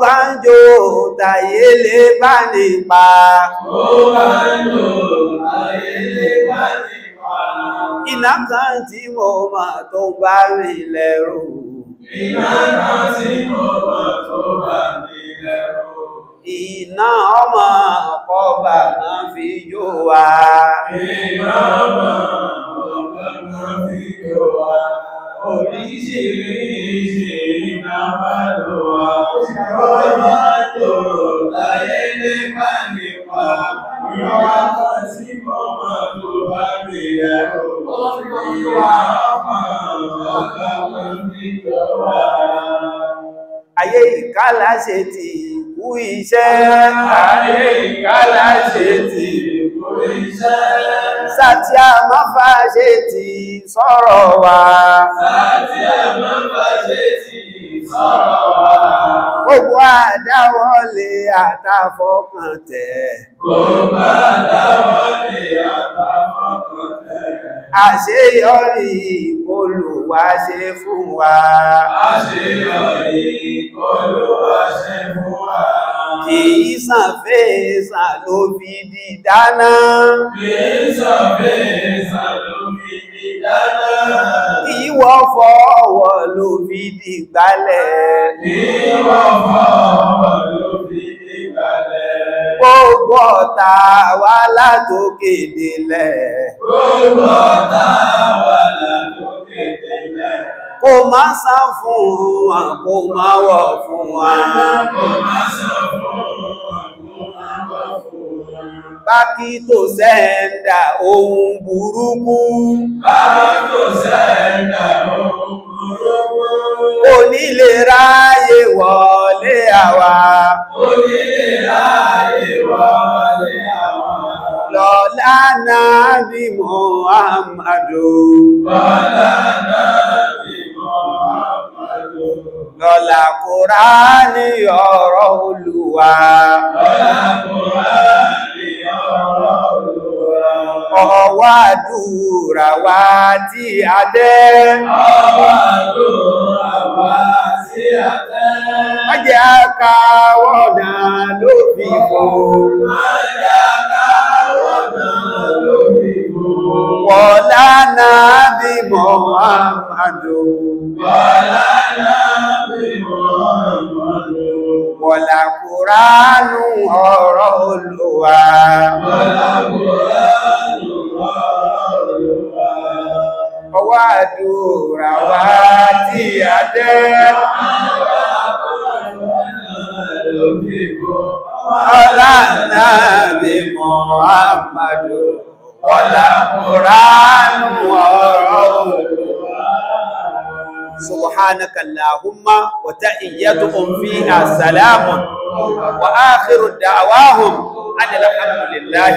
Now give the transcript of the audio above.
bá ń jó tàyé lè bá nípa tó bá ń jó tàyé lè bá nípa iná kan tí mo mà tó bá rìn lẹ́rù iná kan tí mo mà tó bá rìn lẹ́rù iná ọmọ ọba kan fi jó wa iná ọmọ ọba kan fi jó wa Robato láyé lè má nípa. Ìwà kan sí mọ́mọ́ tó bá bèèrè ẹ̀rọ. Ìwà Ayé ìkálà ṣe ti ìwú iṣẹ́. Ayé ìkálà ṣe ti ìwú iṣẹ́. Sàtí àmọ́fà ṣe ti sọ̀rọ̀ wa. Sàtí àmọ́fà ṣe ti sọ̀rọ̀ wa. Gbogbo àdáwọ́lé àtàfọ́kàn tẹ̀. Gbogbo àdáwọ́lé àtàfọ́kàn tẹ̀. Àṣeyọrí Olúwa ṣe fún wa. Àṣeyọrí Olúwa ṣe fún wa. Kìí sàn fèèsà ló fi di dáná. Kìí sàn fèèsà ló fi di dáná. Ìwọ fọwọ́ ló fi di gbálẹ̀. Kìí Gbogbo ọ̀tá wá látòkè délẹ̀. Gbogbo ọ̀tá wá látòkè délẹ̀. Kò wa, kò má wọ̀ fún wa. Kò má sá fún wa, kò má wọ̀ fún wa. Bákí tó sẹ́ndà ohun burúkú. Bákí tó sẹ́ndà ohun burúkú. Kò ní lè ráyè àwa. Onílé láàyè wọlé àwa. Lọ́lá náà bí Muhammadu. Lọ́lá náà bí Muhammadu. Lọ́lá Kùránì ọ̀rọ̀ Olúwa. Lọ́lá Kùránì ọ̀rọ̀ ọwá àdúrà wa tí a dẹ́. ọwá àdúrà wa Má aka wọ́dà ló fi adị Má jẹ́ aka wọ́dà ló fi kò. Wọ̀lá náà bí mọ̀ àmàdò. náà bí mọ̀ àmàdò. ọ̀rọ̀ wàdúrà واتي tí نبي محمد Ọlá قران Mọ̀hámàdù, سبحانك اللهم وتحيتهم فيها سلام وآخر دعواهم أن الحمد لله